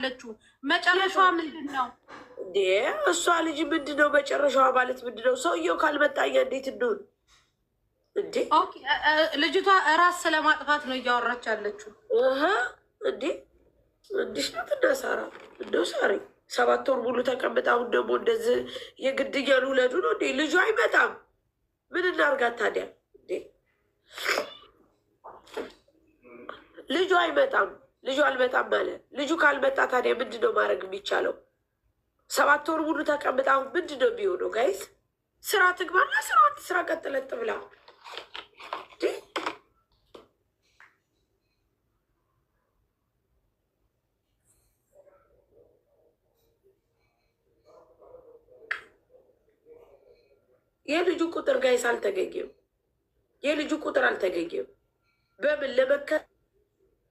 ያለችው መጨረሻዋ ምንድን ነው? እሷ ልጅ ምንድን ነው መጨረሻዋ ማለት ምንድን ነው? ሰውየው ካልመጣ እንዴት እንሆን እንዴ? ልጅቷ እራስ ስለማጥፋት ነው እያወራች ያለችው እንዴ? እንዲሽ ናት እና ሳራ እንደው ሰባት ወር ሙሉ ተቀምጣ አሁን ደግሞ እንደዚህ የግድ ነው እንዴ? ልጁ አይመጣም። ምን እናርጋት ታዲያ? እንዴ ልጁ አይመጣም። ልጁ አልመጣም አለ። ልጁ ካልበጣ ታዲያ ምንድን ነው ማድረግ የሚቻለው? ሰባት ወር ሙሉ ተቀምጣ አሁን ምንድን ነው የሚሆነው? ጋይስ ስራ ትግባና ስራ ስራ ቀጥለጥ ብላ የልጁ ቁጥር ጋይስ አልተገኘም። የልጁ ቁጥር አልተገኘም። በምን ለመከ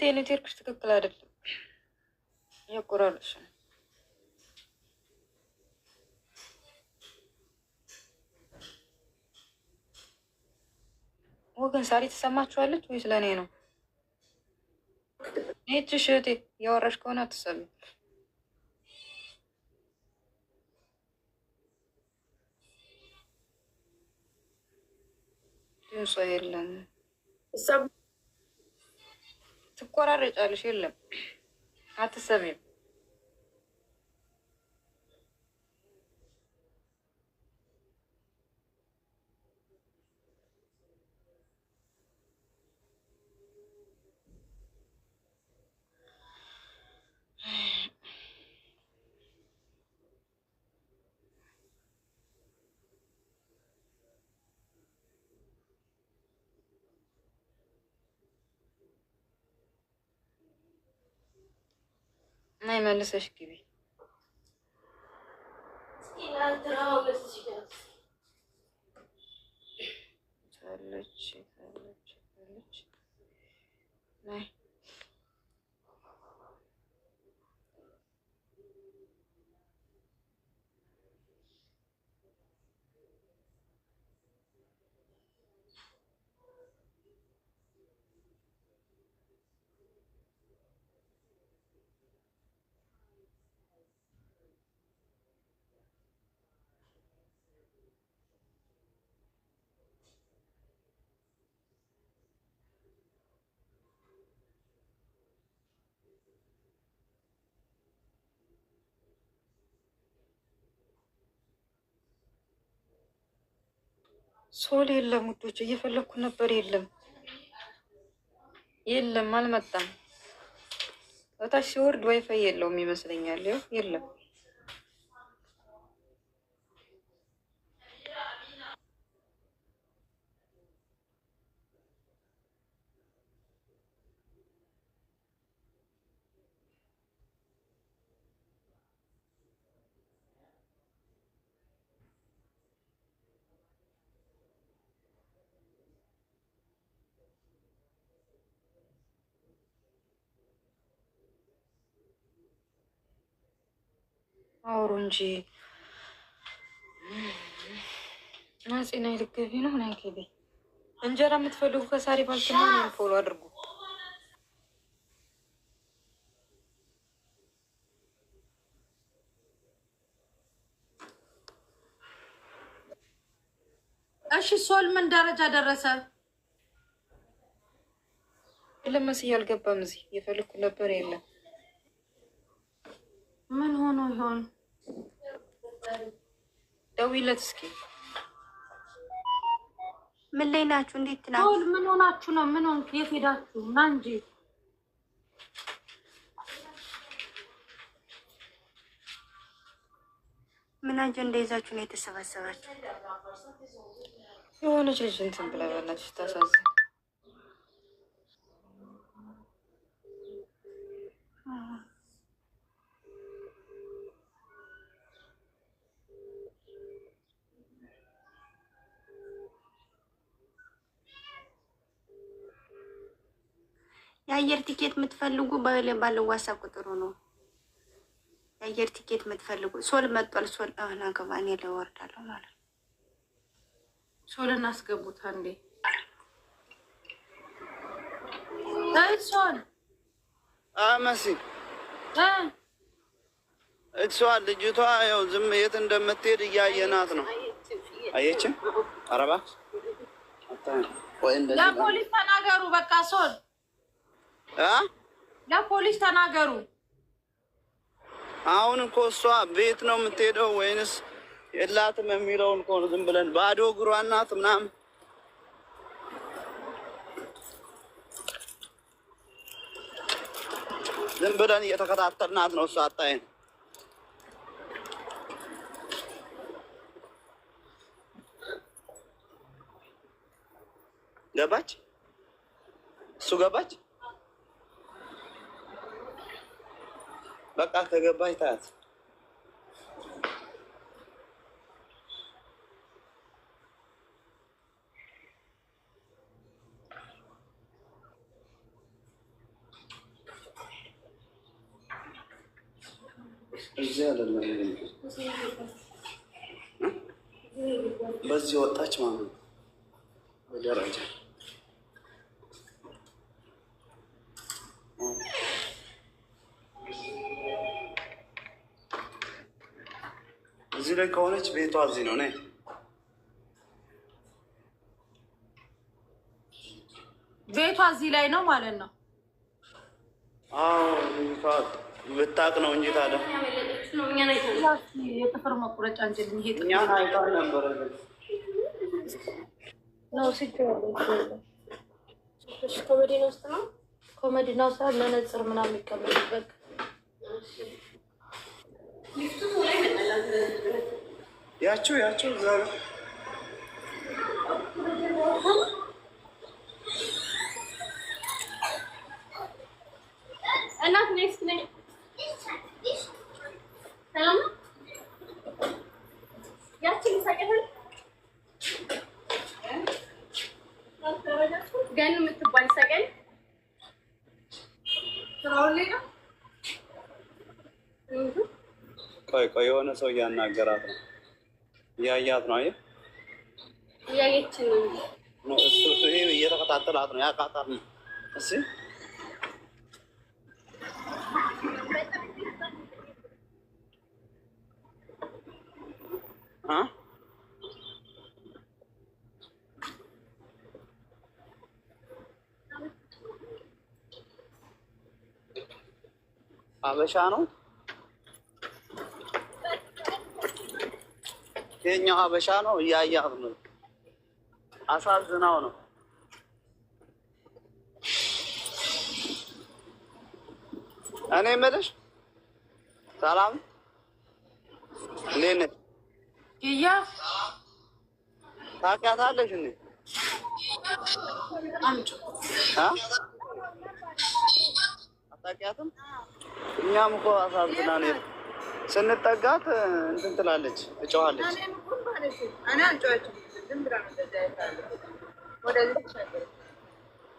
እህቴ ኔትወርክሽ ትክክል አይደለም፣ ያቆራረጥሽ ነው። ወገን ሳሪ ትሰማችኋለች ወይስ ለእኔ ነው? ይህችሽ እህቴ እያወራሽ ከሆነ አትሰሚ ድምጿ የለም ትቆራረጫለሽ። የለም አትሰሚም ናይ መልሰሽ ግቢ ናይ ሶል የለም ውዶች፣ እየፈለግኩ ነበር። የለም የለም፣ አልመጣም። እታች ሲወርድ ዋይፋይ የለውም ይመስለኛል። ይኸው የለም። አውሩ እንጂ ናጽና ልገቢ ነው ና ገቢ እንጀራ የምትፈልጉ ከሳሪ ባልትና ፎሎ አድርጉ። እሺ ሶል ምን ደረጃ ደረሰ? ለመስ እያልገባም እዚህ እየፈለኩ ነበር የለም ምን ሆኖ ይሆን? ደውይለት እስኪ። ምን ላይ ናችሁ? እንዴት ናችሁ? ምን ሆናችሁ ነው? ምን ሆንክ? የት ሄዳችሁ? ና እንጂ ምን አጀንዳ ይዛችሁ ነው የተሰባሰባችሁ? የሆነች ልጅ እንትን ብላ በእናትሽ ታሳዝን። የአየር ቲኬት የምትፈልጉ ባለ ዋሳ ቁጥሩ ነው። የአየር ቲኬት የምትፈልጉ ሶል መጧል። ሶል አሁን አገባ እኔ ለወርዳለሁ ማለት ነው። ሶልን አስገቡት አንዴ ሶል እሷ ልጅቷ ያው ዝም የት እንደምትሄድ እያየናት ነው። አየችም አረባ ለፖሊስ ተናገሩ በቃ ሶል ለፖሊስ ተናገሩ። አሁን እኮ እሷ ቤት ነው የምትሄደው ወይንስ የላትም የሚለውን እኮ ዝም ብለን ባዶ እግሯ ናት ምናምን ዝም ብለን እየተከታተልናት ነው። እሷ አታይን። ገባች፣ እሱ ገባች። በቃ ከገባች ታት እዚህ አይደለም፣ በዚህ ወጣች ማለት ነው። እዚህ ላይ ከሆነች ቤቷ እዚህ ነው። ነይ ቤቷ እዚህ ላይ ነው ማለት ነው። አዎ ብታቅ ነው እንጂ ታዲያ የጥፍር መቁረጫ እንጂ እኛን አይታ ነበረ ነው ኮሜዲ ነው ውስጥ ነው ኮሜዲ ነው ሰ መነጽር ምናምን ይቀመጥበት ያቸው ያቸው እዛ ነው። እናት ኔክስት ነኝ። ሰላም ገን የምትባል ሰቀኝ ስራውን ሌላ ቆይ ቆይ፣ የሆነ ሰው እያናገራት ነው። እያያት ነው። አየህ፣ እያየች ነው። እሱ ይሄ እየተከታተላት ነው። ያቃጣት ነው። እሺ አበሻ ነው። ይሄኛው ሀበሻ ነው። እያያት ነው። አሳዝናው ነው። እኔ የምልሽ ሰላም፣ እንዴት ነሽ? እያ ታውቂያታለሽ እንዴ? አታውቂያትም? እኛም እኮ አሳዝና ነው ስንጠጋት እንትን ትላለች፣ እጨዋለች።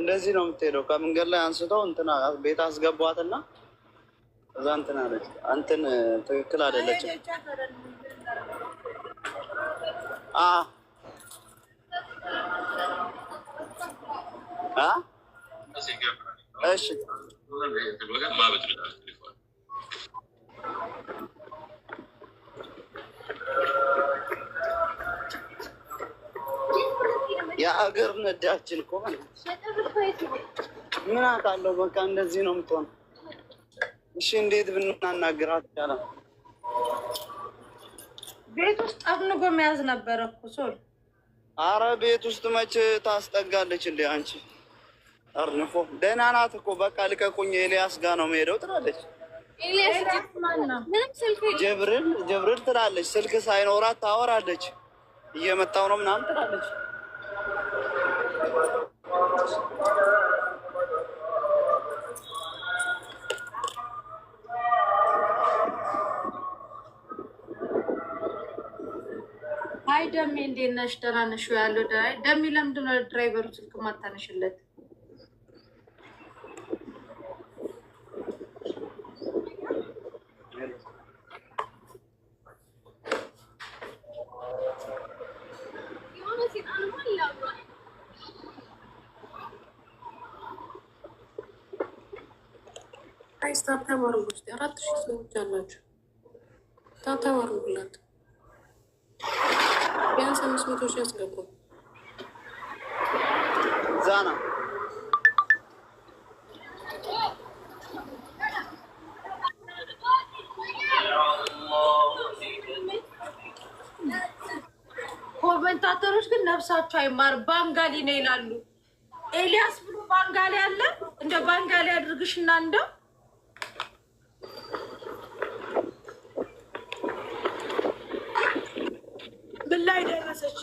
እንደዚህ ነው የምትሄደው። ከመንገድ ላይ አንስተው እንትና ቤት አስገቧትና እዛ እንትን አለች። አንትን ትክክል አይደለችም። እሺ አገር ነዳችን እኮ ምን አውቃለሁ። በቃ እንደዚህ ነው የምትሆነው። እሺ እንዴት ብናናግራት ይቻላል? ቤት ውስጥ አፍንጎ መያዝ ነበረ እኮ ሶል። አረ ቤት ውስጥ መቼ ታስጠጋለች እንዴ አንቺ? አርንፎ ደህና ናት እኮ በቃ ልቀቁኝ፣ ኤልያስ ጋር ነው የምሄደው ትላለች። ጀብርል ጀብርል ትላለች። ስልክ ሳይኖራት ታወራለች። እየመጣው ነው ምናምን ትላለች። አይ ደሜ እንዴት ነሽ? ደህና ነሽ? ያለው ደሜ ለምንድን ነው ድራይቨሩ ስልክ ማታነሽለት? ጋይስ ታተማሩ ውስጥ አራት ሺህ ሰዎች አላችሁ። ታተማሩ ብላት ቢያንስ አምስት መቶ ሺህ ያስገቡ። ዛና ኮመንታተሮች ግን ነፍሳቸው አይማር ባንጋሊ ነው ይላሉ። ኤልያስ ብሎ ባንጋሊ አለ እንደ ባንጋሊ አድርግሽና እንደው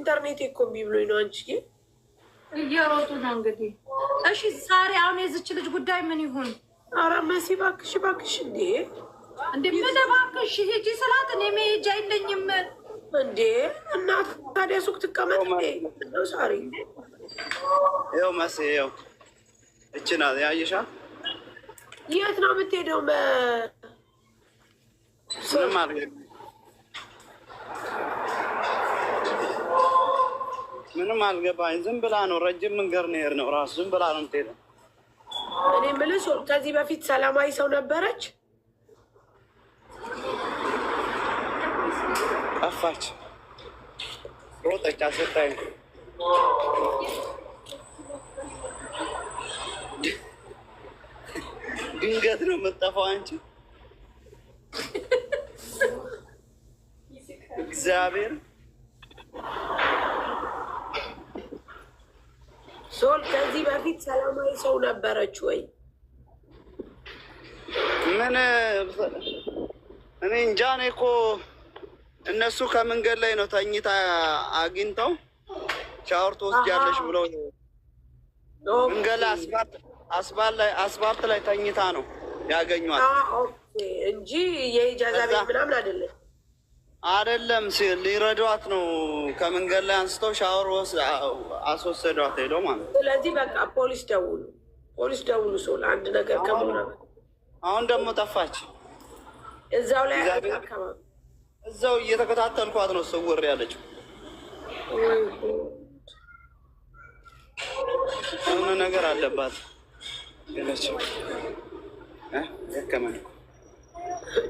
ኢንተርኔት እኮ እምቢ ብሎኝ ነው። አንቺዬ እየሮጡ ነው እንግዲህ። እሺ ሳሪ፣ አሁን የዝች ልጅ ጉዳይ ምን ይሁን? ኧረ መሲ እባክሽ እባክሽ፣ እንዴ እንዴ፣ ምን እባክሽ ሂጂ ስላት እኔ መሄጃ የለኝም እንዴ። እናት ታዲያ ሱቅ ትቀመጥ እንዴ? ነው ሳሪ፣ ይኸው መሲ፣ ይኸው እቺ ናት ያየሻ። የት ነው የምትሄደው? ምንም አልገባኝ። ዝም ብላ ነው ረጅም መንገድ ነው ራሱ ዝም ብላ ነው ምትሄደ። እኔ ምልሶ ከዚህ በፊት ሰላማዊ ሰው ነበረች። ጠፋች፣ ሮጠች፣ አሰጣኝ። ድንገት ነው የምጠፋው አንቺ እግዚአብሔር አንዲት ሰላማዊ ሰው ነበረች ወይ? ምን እኔ እንጃ። እኔ እኮ እነሱ ከመንገድ ላይ ነው ተኝታ አግኝተው ሻወር ትወስጃለሽ ብለው መንገድ ላይ አስፋልት ላይ ተኝታ ነው ያገኟት እንጂ የኢጃዛ ቤት ምናምን አይደለም። አይደለም ሊረዷት ነው። ከመንገድ ላይ አንስተው ሻወር አስወሰዷት ሄዶ ማለት ነው። ስለዚህ በቃ ፖሊስ ደውሉ፣ ፖሊስ ደውሉ። ሰው ለአንድ ነገር ከሆነ አሁን ደግሞ ጠፋች። እዛው ላይ አካባቢ እዛው እየተከታተልኳት ነው። ስውር ያለችው የሆነ ነገር አለባት ያለችው ደከመን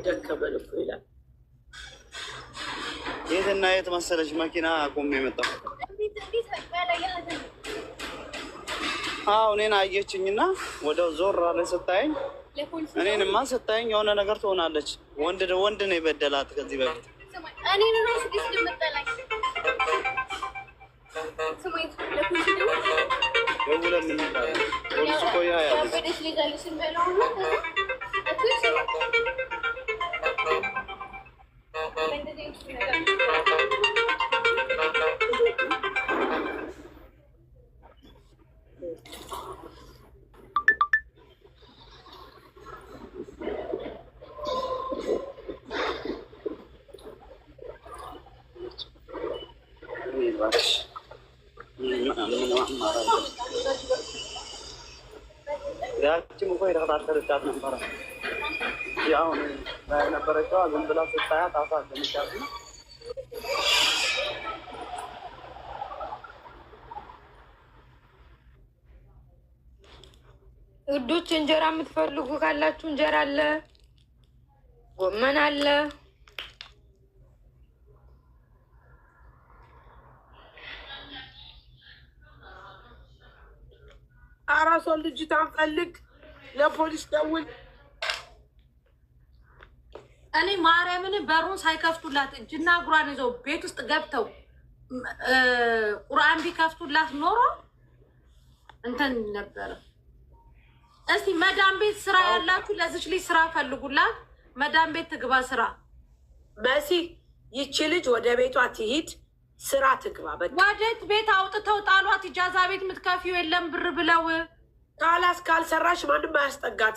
ደከመን ይላል የትና የት መሰለሽ መኪና አቁም የመጣው አዎ፣ እኔን አየችኝና ወደ ዞር አለ ስታየኝ፣ እኔንማ ስታየኝ የሆነ ነገር ትሆናለች። ወንድ ወንድ ነው የበደላት ከዚህ በፊት ደውለህ Ben de üstüne Grazie, mi puoi raccontare il ያው ነበረችዋ ዝም ብላ ስታያት አሳዘነቻት። እዶች እንጀራ የምትፈልጉ ካላችሁ እንጀራ አለ፣ ጎመን አለ። አራሷን ልጅቷን ፈልግ፣ ለፖሊስ ደውል። እኔ ማርያምን በሩን ሳይከፍቱላት እጅና እግሯን ይዘው ቤት ውስጥ ገብተው ቁርአን ቢከፍቱላት ኖሮ እንትን ነበረ። እስቲ መዳም ቤት ስራ ያላችሁ ለዚች ልጅ ስራ ፈልጉላት፣ መዳም ቤት ትግባ ስራ። መሲ ይቺ ልጅ ወደ ቤቷ ትሂድ ስራ ትግባ። ወደት ቤት አውጥተው ጣሏት። ኢጃዛ ቤት የምትከፊው የለም ብር ብለው ካላስ ካልሰራሽ ማንም አያስጠጋት።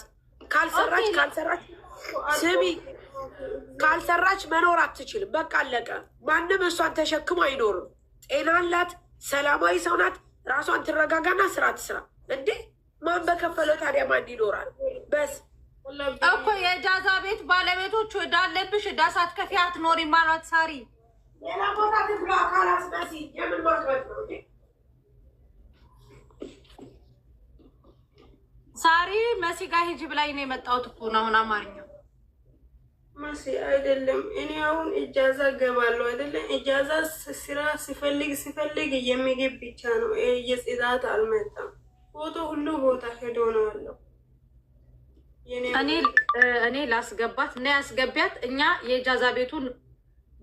ካልሰራች ካልሰራች ስሚ ካልሰራች መኖር አትችልም። በቃ አለቀ። ማንም እሷን ተሸክሞ አይኖርም። ጤና አላት፣ ሰላማዊ ሰው ናት። ራሷን ትረጋጋና ስራ ትስራ። እንዴ ማን በከፈለው ታዲያ ማን ይኖራል? በስ እኮ የጃዛ ቤት ባለቤቶቹ እዳለብሽ እዳ ሳትከፍይ አትኖሪም ማለት ሳሪ ሌላ ቦታ የምን ማስበት ነው ሳሪ መሲ ጋር ሂጂ ብላኝ ነው የመጣሁት እኮ ነው አሁን አማርኛ ማሲ አይደለም። እኔ አሁን እጃዛ ገባለሁ አይደለ? እጃዛ ስራ ሲፈልግ ሲፈልግ የሚግብ ብቻ ነው። የጽዳት አልመጣም። ፎቶ ሁሉ ቦታ ሄዶ ነው አለው። እኔ ላስገባት እና ያስገቢያት። እኛ የእጃዛ ቤቱን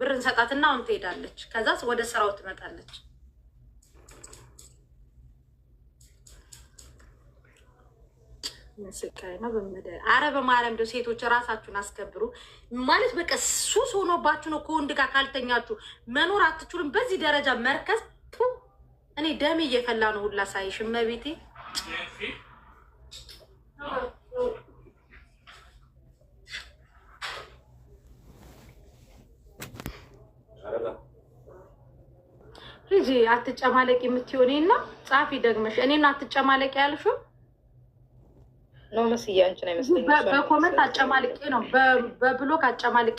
ብር እንሰጣትና አሁን ትሄዳለች። ከዛስ ወደ ስራው ትመጣለች። ስቃይ ነው። በምድር አረ በማርያም እንደው ሴቶች ራሳችሁን አስከብሩ። ማለት በቃ ሱስ ሆኖባችሁ ነው። ከወንድ ጋር ካልተኛችሁ መኖር አትችሉም። በዚህ ደረጃ መርከዝ ቱ እኔ ደሜ እየፈላ ነው ሁላ ሳይሽ እመቤቴ ሂጂ አትጨማለቂ የምትሆኔ እና ጻፊ ደግመሽ እኔን አትጨማለቂ ያልሽው ነው መስዬ አንቺን አይመስለኝም። በኮመንት አጨማልቄ ነው በብሎክ አጨማልቄ